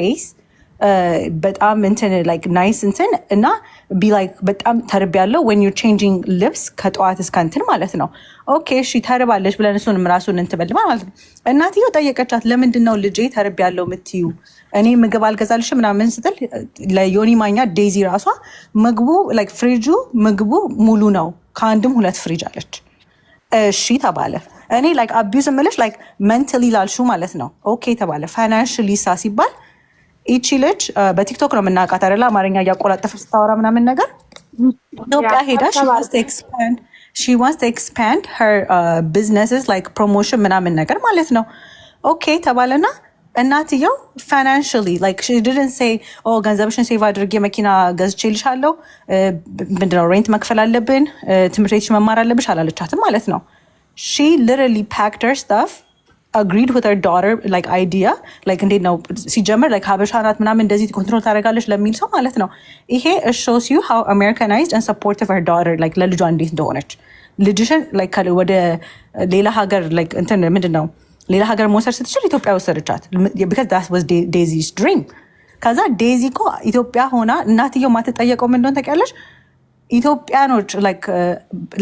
ፌስ uh, በጣም እንትን ላይክ ናይስ እንትን እና ቢ ላይክ በጣም ተርብ ያለው ወን ዩ ቼንጂንግ ልብስ ከጠዋት እስከ እንትን ማለት ነው። ኦኬ እሺ ተርባለች ብለን እሱንም ራሱን እንትበል ማለት ነው። እናትየው ጠየቀቻት፣ ለምንድን ነው ልጄ ተርብ ያለው የምትዩ? እኔ ምግብ አልገዛልሽ ምናምን ስትል ለዮኒ ማኛ ዴዚ ራሷ ምግቡ ላይክ ፍሪጁ ምግቡ ሙሉ ነው ከአንድም ሁለት ፍሪጅ አለች። እሺ ተባለ። እኔ ላይክ አቢዩዝ ምልሽ ላይክ ላልሹ ማለት ነው። ኦኬ ተባለ። ፋይናንሽሊ ሳ ሲባል ይቺ ልጅ በቲክቶክ ነው የምናውቃት አይደለ? አማርኛ እያቆላጠፈ ስታወራ ምናምን ነገር ኢትዮጵያ ሄዳ ሺ ዋንስ ኤክስፓንድ ሄር ቢዝነስስ ላይክ ፕሮሞሽን ምናምን ነገር ማለት ነው። ኦኬ ተባለና እናትየው ፋይናንሽሊ ላይክ ድድን ሴይ ገንዘብሽን ሴቭ አድርጌ መኪና ገዝቼልሻለሁ፣ ምንድነው ሬንት መክፈል አለብን፣ ትምህርት ቤትሽ መማር አለብሽ አላለቻትም ማለት ነው። ሺ ሊትራሊ ፓክድ ሄር ስታፍ አግሪድ ዊዝ ሄር ዳተር ላይክ አይዲያ ላይክ እንዴት ነው ሲጀምር ላይክ ሀበሻ ናት ምናምን እንደዚህ ኮንትሮል ታደርጋለች ለሚል ሰው ማለት ነው ይሄ እሾ ዩ ሃው አሜሪካናይዝድ ኤንድ ሰፖርቲቭ ሄር ዳተር ላይክ ለልጇ እንዴት እንደሆነች ልጅሽን ወደ ሌላ ሀገር እንትን ምንድን ነው ሌላ ሀገር መውሰድ ስትችል ኢትዮጵያ ወሰደቻት። ቢካዝ ዳት ዋዝ ዴዚስ ድሪም። ከዛ ዴዚ እኮ ኢትዮጵያ ሆና እናትየው ማትጠየቀው ምን እንደሆነ ታውቂያለሽ? ኢትዮጵያኖች ላይክ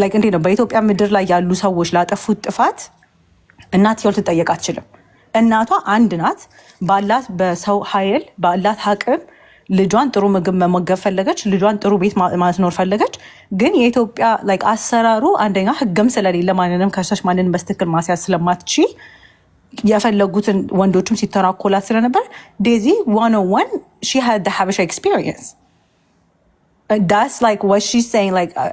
uh, እንዴት ነው በኢትዮጵያ ምድር ላይ ያሉ ሰዎች ላጠፉት ጥፋት እናትየው ትጠየቅ አትችልም። እናቷ አንድ ናት። ባላት በሰው ኃይል ባላት አቅም ልጇን ጥሩ ምግብ መመገብ ፈለገች። ልጇን ጥሩ ቤት ማስኖር ፈለገች። ግን የኢትዮጵያ አሰራሩ አንደኛ ህግም ስለሌለ ማንንም ከሰች ማንንም በስትክል ማስያዝ ስለማትችል የፈለጉትን ወንዶችም ሲተራኮላት ስለነበር ዴዚ ዋን ዋን ሺ ሀድ ሀበሻ ኤክስፒሪየንስ ዳስ ላይክ ወሺ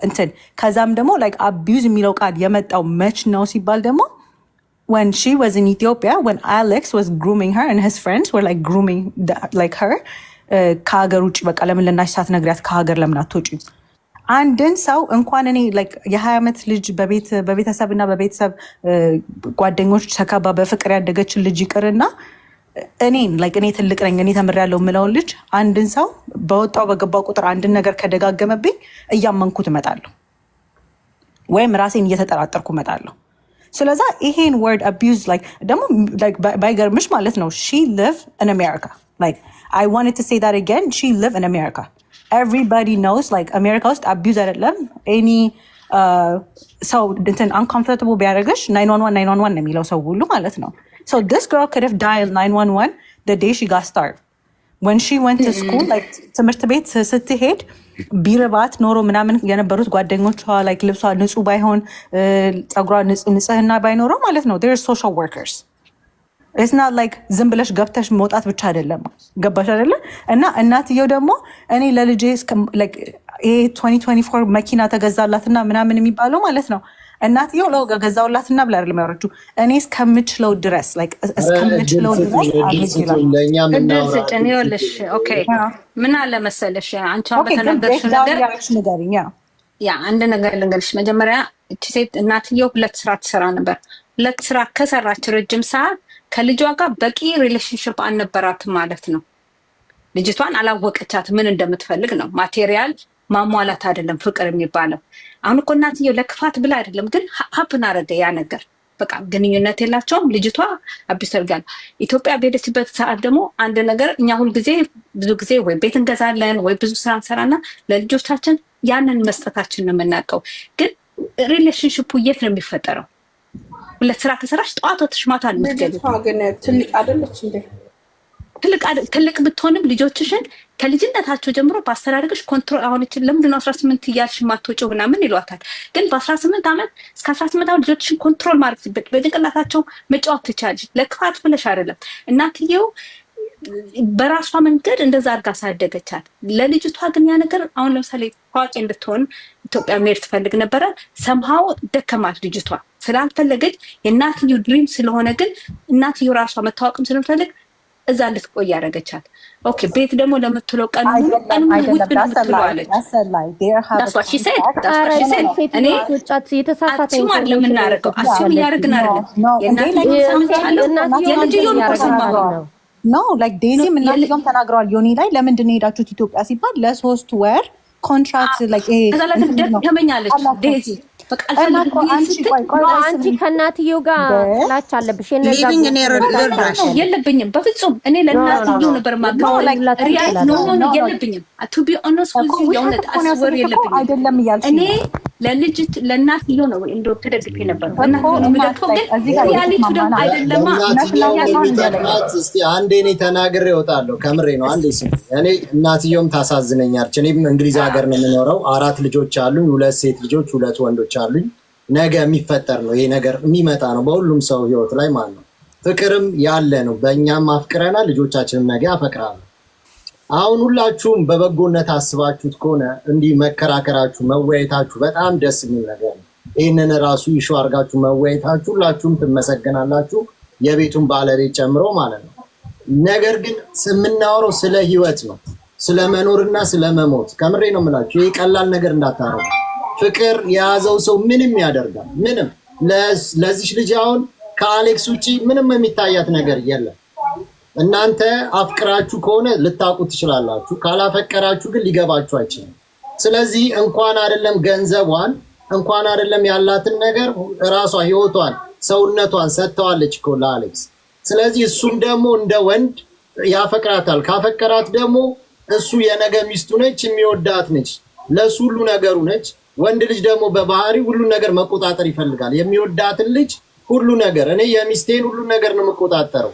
እንትን ከዛም ደግሞ ላይክ አቢዩዝ የሚለው ቃል የመጣው መች ነው ሲባል ደግሞ when she was in Ethiopia, when Alex was grooming her and his friends were like grooming the, like her uh, ከሀገር ውጭ በቃ ለምን ለናሽ ሳትነግሪያት ከሀገር ለምን አትወጪም? አንድን ሰው እንኳን እኔ የሀያ ዓመት ልጅ በቤተሰብ እና በቤተሰብ uh, ጓደኞች ተከባ በፍቅር ያደገችን ልጅ ይቅርና እኔን እኔ ትልቅ ነኝ እኔ ተምሬያለሁ የምለውን ልጅ አንድን ሰው በወጣው በገባው ቁጥር አንድን ነገር ከደጋገመብኝ እያመንኩት እመጣለሁ፣ ወይም ራሴን እየተጠራጠርኩ እመጣለሁ። ስለዛ ይሄን ወርድ አቢዝ ደግሞ ባይገርምሽ ማለት ነው ሺ ሊቭ ኢን አሜሪካ ላይክ አይ ዋንት ቱ ሴይ ዳት አገን ሺ ሊቭ ኢን አሜሪካ ኤቭሪባዲ ኖውስ ላይክ አሜሪካ ውስጥ አቢዝ አይደለም ኤኒ ሰው እንትን አንኮምፎርታብል ቢያደርግሽ ናይን ዋን ዋን ናይን ዋን ዋን ነው የሚለው ሰው ሁሉ ማለት ነው ሶ ዲስ ግርል ኩድ ሃቭ ዳይል ናይን ዋን ዋን ደ ዴይ ሺ ጋት ስታርቭድ ወን ሺ ወንት ስኩል ትምህርት ቤት ስትሄድ ቢርባት ኖሮ ምናምን የነበሩት ጓደኞቿ ላይክ ልብሷ ንጹህ ባይሆን ፀጉሯ ንጽህና ባይኖረው ማለት ነው ሶሻል ወርከርስ ስና ላይክ ዝም ብለሽ ገብተሽ መውጣት ብቻ አይደለም። ገባሽ አይደለ? እና እናትየው ደግሞ እኔ ለልጄ ይሄ 2024 መኪና ተገዛላትና ምናምን የሚባለው ማለት ነው እናትየው ለው ገዛውላትና ብላ አይደለም ያወራችሁ። እኔ እስከምችለው ድረስ እስከምችለው ድረስ ምን አለ መሰለሽ ነገር ያ አንድ ነገር ልንገርሽ። መጀመሪያ እቺ ሴት እናትየው ሁለት ስራ ትሰራ ነበር። ሁለት ስራ ከሰራች ረጅም ሰዓት ከልጇ ጋር በቂ ሪሌሽንሽፕ አልነበራትም ማለት ነው። ልጅቷን አላወቀቻት ምን እንደምትፈልግ ነው ማቴሪያል ማሟላት አይደለም ፍቅር የሚባለው። አሁን እኮ እናትየው ለክፋት ብላ አይደለም፣ ግን ሀፕን አረገ ያ ነገር። በቃ ግንኙነት የላቸውም። ልጅቷ አቢሰርጋል ኢትዮጵያ በሄደችበት ሰዓት ደግሞ አንድ ነገር እኛ ሁልጊዜ ብዙ ጊዜ ወይ ቤት እንገዛለን ወይ ብዙ ስራ እንሰራና ለልጆቻችን ያንን መስጠታችን ነው የምናውቀው። ግን ሪሌሽንሽፑ የት ነው የሚፈጠረው? ሁለት ስራ ከሰራች ጠዋት ወተሽ ማታ ነው የምትገቢው። ግን ትልቅ አይደለች እንዴ? ትልቅ ብትሆንም ልጆችሽን ከልጅነታቸው ጀምሮ በአስተዳደግሽ ኮንትሮል አሁንችን ለምንድነው አስራ ስምንት እያልሽ የማትወጪው ምናምን ይሏታል። ግን በአስራ ስምንት ዓመት እስከ አስራ ስምንት ዓመት ልጆችሽን ኮንትሮል ማድረግ በጭንቅላታቸው መጫወት ትቻለሽ። ለክፋት ብለሽ አይደለም። እናትየው በራሷ መንገድ እንደዛ አድርጋ አሳደገቻት። ለልጅቷ ግን ያ ነገር አሁን ለምሳሌ ታዋቂ እንድትሆን ኢትዮጵያ መሄድ ትፈልግ ነበረ። ሰምሃው ደከማት ልጅቷ ስላልፈለገች የእናትየው ድሪም ስለሆነ ግን እናትየው ራሷ መታወቅም ስለምፈልግ እዛ እንድትቆይ ያደረገቻት። ኦኬ ቤት ደግሞ ለምትለው ቀን ቀን ውጭ ምትለዋለች። አሱም አሱም እያደረግን እኮ ሰማሁ ነው ላይክ ዴዚም እናትየውም ተናግረዋል። ዮኒ ላይ ለምንድን ኢትዮጵያ ሲባል ለሶስት ወር ኮንትራክት eh, ደከመኛለች ዴዚ አንቺ ከእናትየው ጋር ጥላቻ አለብሽ። የለብኝም፣ በፍጹም እኔ ለእናትየው ነበር ማግኘው የለብኝም። ቱ ቢ ኦነስት የእውነት አስወር የለብኝም እኔ ለልጅት ለእናትየው ነው እንዶ ተደግፍ የነበረው ያሊቱ ደግሞ አይደለማ። እስኪ አንዴ እኔ ተናግሬ እወጣለሁ። ከምሬ ነው። አንዴ ስ እኔ እናትየውም ታሳዝነኛለች። እኔም እንግሊዝ ሀገር ነው የምኖረው። አራት ልጆች አሉኝ። ሁለት ሴት ልጆች፣ ሁለት ወንዶች አሉኝ። ነገ የሚፈጠር ነው ይሄ ነገር የሚመጣ ነው በሁሉም ሰው ህይወት ላይ ማለት ነው። ፍቅርም ያለ ነው። በእኛም አፍቅረናል፣ ልጆቻችንም ነገ ያፈቅራሉ። አሁን ሁላችሁም በበጎነት አስባችሁት ከሆነ እንዲህ መከራከራችሁ መወያየታችሁ በጣም ደስ የሚል ነገር ነው። ይህንን ራሱ ይሾ አድርጋችሁ መወያየታችሁ ሁላችሁም ትመሰገናላችሁ፣ የቤቱን ባለቤት ጨምሮ ማለት ነው። ነገር ግን የምናወረው ስለ ህይወት ነው፣ ስለ መኖርና ስለ መሞት። ከምሬ ነው የምላችሁ። ይህ ቀላል ነገር እንዳታረጉ። ፍቅር የያዘው ሰው ምንም ያደርጋል። ምንም ለዚች ልጅ አሁን ከአሌክስ ውጭ ምንም የሚታያት ነገር የለም። እናንተ አፍቅራችሁ ከሆነ ልታውቁ ትችላላችሁ። ካላፈቀራችሁ ግን ሊገባችሁ አይችልም። ስለዚህ እንኳን አይደለም ገንዘቧን እንኳን አይደለም ያላትን ነገር ራሷ ህይወቷን፣ ሰውነቷን ሰጥተዋለች እኮ ለአሌክስ። ስለዚህ እሱም ደግሞ እንደ ወንድ ያፈቅራታል። ካፈቀራት ደግሞ እሱ የነገ ሚስቱ ነች፣ የሚወዳት ነች፣ ለሱ ሁሉ ነገሩ ነች። ወንድ ልጅ ደግሞ በባህሪ ሁሉን ነገር መቆጣጠር ይፈልጋል። የሚወዳትን ልጅ ሁሉ ነገር እኔ የሚስቴን ሁሉ ነገር ነው የምቆጣጠረው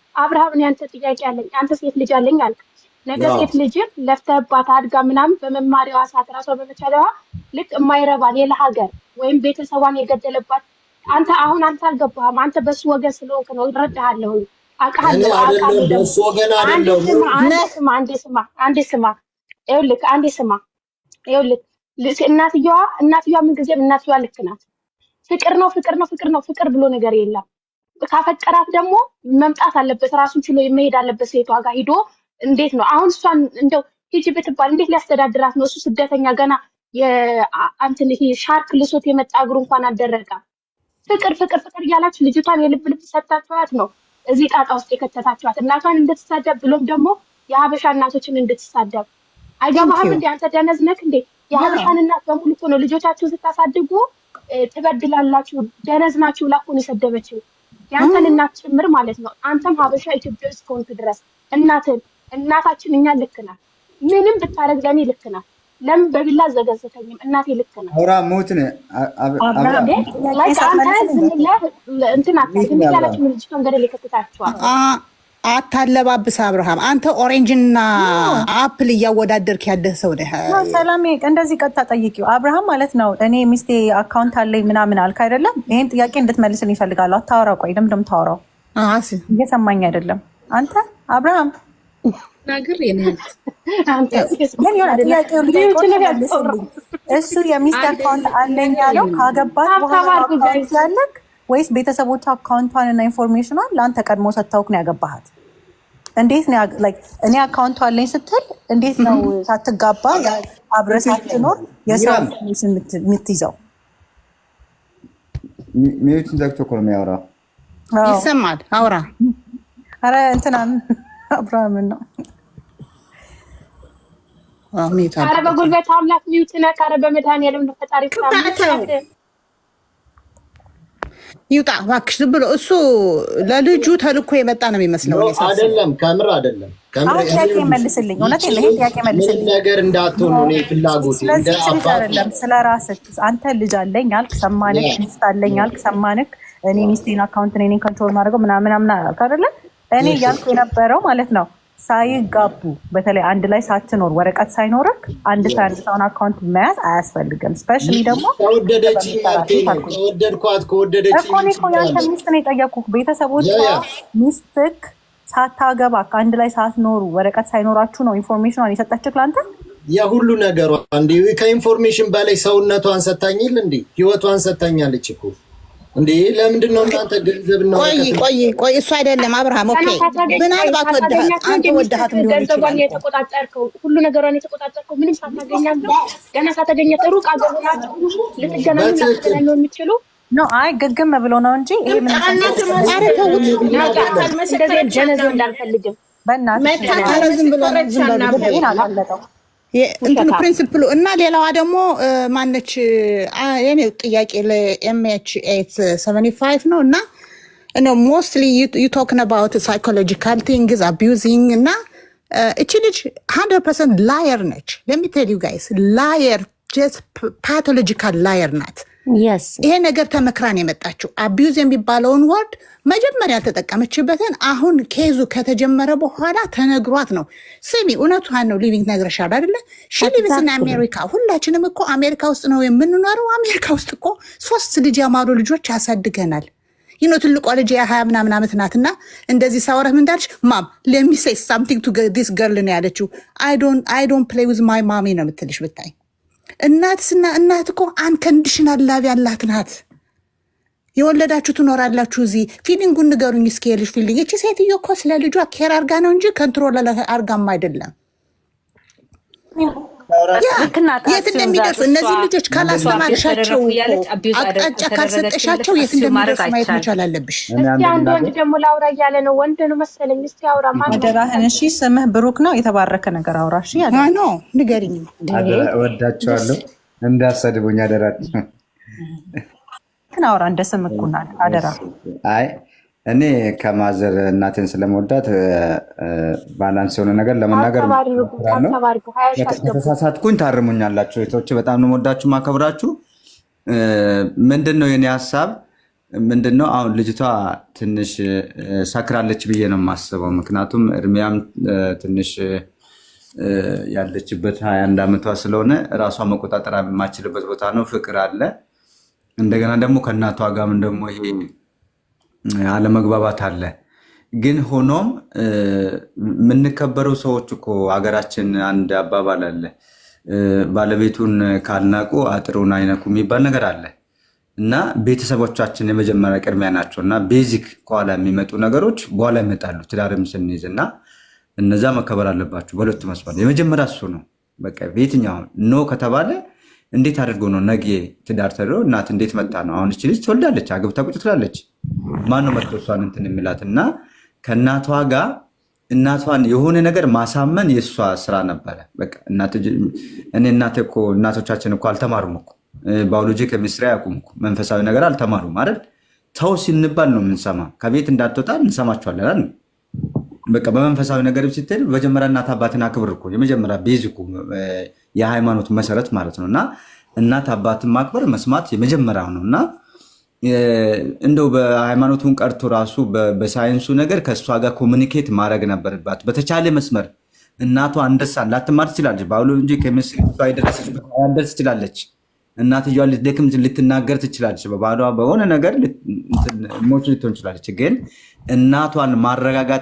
አብርሃም እኔ አንተ ጥያቄ አለኝ። አንተ ሴት ልጅ አለኝ አልክ። ነገ ሴት ልጅን ለፍተህባት አድጋ ምናምን በመማሪያዋ ሰዓት ራሷ በመቻለዋ ልክ የማይረባ ሌላ ሀገር ወይም ቤተሰቧን የገደለባት አንተ አሁን አንተ አልገባህም። አንተ በሱ ወገን ስለሆንክ ነው። እረዳሃለሁ፣ አውቃለሁ። አንዴ ስማ፣ አንዴ ስማ፣ ይኸውልህ፣ አንዴ ስማ፣ ይኸውልህ እናትየዋ እናትየዋ ምን ጊዜም እናትየዋ ልክ ናት። ፍቅር ነው፣ ፍቅር ነው፣ ፍቅር ነው። ፍቅር ብሎ ነገር የለም ካፈቀራት ደግሞ መምጣት አለበት፣ ራሱን ችሎ መሄድ አለበት። ሴቷ ጋር ሂዶ እንዴት ነው አሁን እሷን እንደው ሂጂ ብትባል እንዴት ሊያስተዳድራት ነው? እሱ ስደተኛ ገና የአንትን ይሄ ሻርክ ልሶት የመጣ እግሩ እንኳን አልደረቀም። ፍቅር ፍቅር ፍቅር እያላችሁ ልጅቷን የልብ ልብ ሰጥታችኋት ነው እዚህ ጣጣ ውስጥ የከተታችኋት፣ እናቷን እንድትሳደብ ብሎም ደግሞ የሀበሻ እናቶችን እንድትሳደብ። አይገባህም እንዴ አንተ ደነዝነክ እንዴ? የሀበሻን እናት በሙሉ እኮ ነው ልጆቻችሁን ስታሳድጉ ትበድላላችሁ፣ ደነዝናችሁ ላኩን የሰደበችው። የአንተን እናት ጭምር ማለት ነው። አንተም ሀበሻ ኢትዮጵያ ውስጥ ከሆንክ ድረስ እናትን እናታችን እኛ ልክ ናት። ምንም ብታደርግ ለእኔ ልክ ናት። ለምን በቢላ አዘገዘተኝም? እናቴ ልክ ናት። አውራ ሞት ነ አንተ ዝም ብለህ እንትን አታ ዝም ያላችሁ ልጅ ከንገደል ይከትታችኋል አታለባብስ አብርሃም፣ አንተ ኦሬንጅና አፕል እያወዳደርክ ያደህ ሰው ነህ። ሰላሜ እንደዚህ ቀጥታ ጠይቂው አብርሃም ማለት ነው። እኔ ሚስቴ አካውንት አለኝ ምናምን አልክ አይደለም? ይህን ጥያቄ እንድትመልስልኝ ይፈልጋሉ። አታወራ። ቆይ ደምደም ታወራው። እየሰማኝ አይደለም። አንተ አብርሃም ናግር እሱ የሚስቴ አካውንት አለኝ ያለው ካገባት በኋላ አካውንት ያለክ ወይስ ቤተሰቦች አካውንቷንና ኢንፎርሜሽኗን ለአንተ ቀድሞ ሰጥተውክ ነው ያገባሃት? እንዴት ነው እኔ አካውንቷ አለኝ ስትል እንዴት ነው ሳትጋባ አብረህ ሳትኖር የሰው ኢንፎርሜሽን የምትይዘው? ሚዩትን ዘግቶ እኮ ነው የሚያወራ ይሰማል። አውራ አረ እንትናን አብርሃምን ነው አረ በጉልበት አምላክ ሚዩት ነክ አረ በመድኃኒዓለም ፈጣሪ ይውጣ እባክሽ ዝም ብሎ እሱ ለልጁ ተልኮ የመጣ ነው የሚመስለው። አይደለም፣ ከምር አይደለም። ጥያቄ መልስልኝ። እውነት ይሄ ጥያቄ መልስልኝ። ነገር እንዳትሆኑ እኔ ፍላጎት እንደ ስለ ራስህ አንተ ልጅ አለኝ አልክ ሰማንክ፣ ሚስት አለኝ አልክ ሰማንክ። እኔ ሚስቴን አካውንትን እኔ ኮንትሮል ማድረገው ምናምን ምናምን አይደለ እኔ እያልኩ የነበረው ማለት ነው ሳይጋቡ በተለይ አንድ ላይ ሳትኖር ወረቀት ሳይኖርክ አንድ ከአንድ ሰውን አካውንት መያዝ አያስፈልግም። ስፔሻሊ ደግሞ ያንተ ሚስትን የጠየኩህ ቤተሰቦች ሚስትክ ሳታገባ አንድ ላይ ሳትኖሩ ወረቀት ሳይኖራችሁ ነው ኢንፎርሜሽኗን የሰጠችክ ለአንተ የሁሉ ነገሯ እንዲ ከኢንፎርሜሽን በላይ ሰውነቷን ሰታኝል እንዲ ህይወቷን ሰታኛለች እኮ እንዴ ለምንድን ነው እናንተ ገንዘብ ነው? ቆይ ቆይ ቆይ፣ እሱ አይደለም አብርሃም። ኦኬ፣ ምናልባት ወደሃት አንተ ወደሃት ነው ይችላል። ገንዘቧን የተቆጣጠርከው ሁሉ ነገሯን የተቆጣጠርከው ምንም ሳታገኛት ገና ሳታገኘ ጥሩ ቃገር ናት ልትገናኙ ነው የምትችሉ ነው። አይ ግግም ብሎ ነው እንጂ ይሄ ምን አረከውት እንዳልፈልግም እንትኑ ፕሪንስፕሉ እና ሌላዋ ደግሞ ማነች የኔ ጥያቄ ለኤምኤች ኤት ሰቨኒ ፋይቭ ነው እና ሞስትሊ ዩቶክን አባውት ሳይኮሎጂካል ቲንግዝ አቢዩዚንግ እና እቺ ልጅ ሀንድረድ ፐርሰንት ላየር ነች። ለሚቴል ዩ ጋይስ ላየር ጀስት ፓቶሎጂካል ላየር ናት። ይሄ ነገር ተመክራን የመጣችው አቢዩዝ የሚባለውን ወርድ መጀመሪያ ተጠቀመችበትን አሁን ኬዙ ከተጀመረ በኋላ ተነግሯት ነው። ስሚ እውነቷን ነው። ሊቪንግ ነግረሻል አይደለ? ሺ ሊቪንግ እና አሜሪካ ሁላችንም እኮ አሜሪካ ውስጥ ነው የምንኖረው። አሜሪካ ውስጥ እኮ ሶስት ልጅ ያማሩ ልጆች ያሳድገናል። ይኖ ትልቋ ልጅ የሀያ ምናምን ዓመት ናት እና እንደዚህ ሳወረህ ምን ማም ለሚሴ ሳምቲንግ ቱ ዲስ ገርል ነው ያለችው። አይ ዶንት ፕሌይ ዊዝ ማይ ማሚ ነው የምትልሽ ብታይ እናትስና እናት እኮ አንከንዲሽናል ላቭ ያላት ናት። የወለዳችሁ ትኖራላችሁ። እዚህ ፊሊንጉን ንገሩኝ እስኪ የልጅ ፊሊንግ። እቺ ሴትዮ እኮ ስለ ልጇ ኬር አርጋ ነው እንጂ ከንትሮል አርጋም አይደለም። የት እንደሚደርሱ እነዚህ ልጆች ካላስተማርሻቸው አቅጣጫ ካልሰጠሻቸው የት እንደሚደርሱ ማየት መቻል አለብሽ። አንድ ወንድ ደግሞ ላውራ እያለ ነው። ወንድ ነው መሰለኝ። እስኪ አውራ ማደራህን። እሺ ስምህ ብሩክ ነው። የተባረከ ነገር አውራ። ያለ ንገሪኝ። ወዳቸዋለሁ። እንዳሰድቡኝ አደራ። ግን አውራ እንደ ስምህ አደራ። አይ እኔ ከማዘር እናቴን ስለመወዳት ባላንስ የሆነ ነገር ለመናገር ከተሳሳትኩኝ ታርሙኛላችሁ። ቶች በጣም ነው ማከብራችሁ። ምንድን ነው የኔ ሀሳብ ምንድን ነው አሁን ልጅቷ ትንሽ ሰክራለች ብዬ ነው የማስበው። ምክንያቱም እድሜያም ትንሽ ያለችበት ሀያ አንድ ዓመቷ ስለሆነ ራሷ መቆጣጠር የማችልበት ቦታ ነው። ፍቅር አለ እንደገና ደግሞ ከእናቷ ጋርም ደግሞ ይሄ አለመግባባት አለ። ግን ሆኖም የምንከበረው ሰዎች እኮ ሀገራችን አንድ አባባል አለ፣ ባለቤቱን ካልናቁ አጥሩን አይነኩ የሚባል ነገር አለ እና ቤተሰቦቻችን የመጀመሪያ ቅድሚያ ናቸው እና ቤዚክ ከኋላ የሚመጡ ነገሮች በኋላ ይመጣሉ። ትዳርም ስንይዝ እና እነዛ መከበር አለባቸው በሁለቱ መስመር። የመጀመሪያ እሱ ነው። በቃ በየትኛውን ኖ ከተባለ እንዴት አድርጎ ነው ነገ ትዳር ተደሮ እናት እንዴት መጣ ነው አሁን እች ልጅ ትወልዳለች አግብታ ቁጭ ትላለች ማነው መጥቶ እሷን እንትን የሚላት እና ከእናቷ ጋር እናቷን የሆነ ነገር ማሳመን የእሷ ስራ ነበረ። እኔ እናቴ እኮ እናቶቻችን እኮ አልተማሩም እኮ ባዮሎጂ ከሚስትሪ አያውቁም እኮ መንፈሳዊ ነገር አልተማሩም አይደል? ተው ሲንባል ነው የምንሰማ። ከቤት እንዳትወጣ እንሰማቸዋለን አይደል? በቃ በመንፈሳዊ ነገር ስትሄድ መጀመሪያ እናት አባትን አክብር እኮ የመጀመሪያ ቤዝ እኮ የሃይማኖት መሰረት ማለት ነው። እና እናት አባትን ማክበር መስማት የመጀመሪያው ነው እና እንደው በሃይማኖቱን ቀርቶ ራሱ በሳይንሱ ነገር ከእሷ ጋር ኮሚኒኬት ማድረግ ነበርባት። በተቻለ መስመር እናቷ አንደሳን ላትማር ትችላለች። ባዮሎጂ ኬሚስትሪ የደረሰችበት ትችላለች። እናትየዋ ልትደክም ልትናገር ትችላለች። በባሏ በሆነ ነገር ሞች ልትሆን ትችላለች። ግን እናቷን ማረጋጋት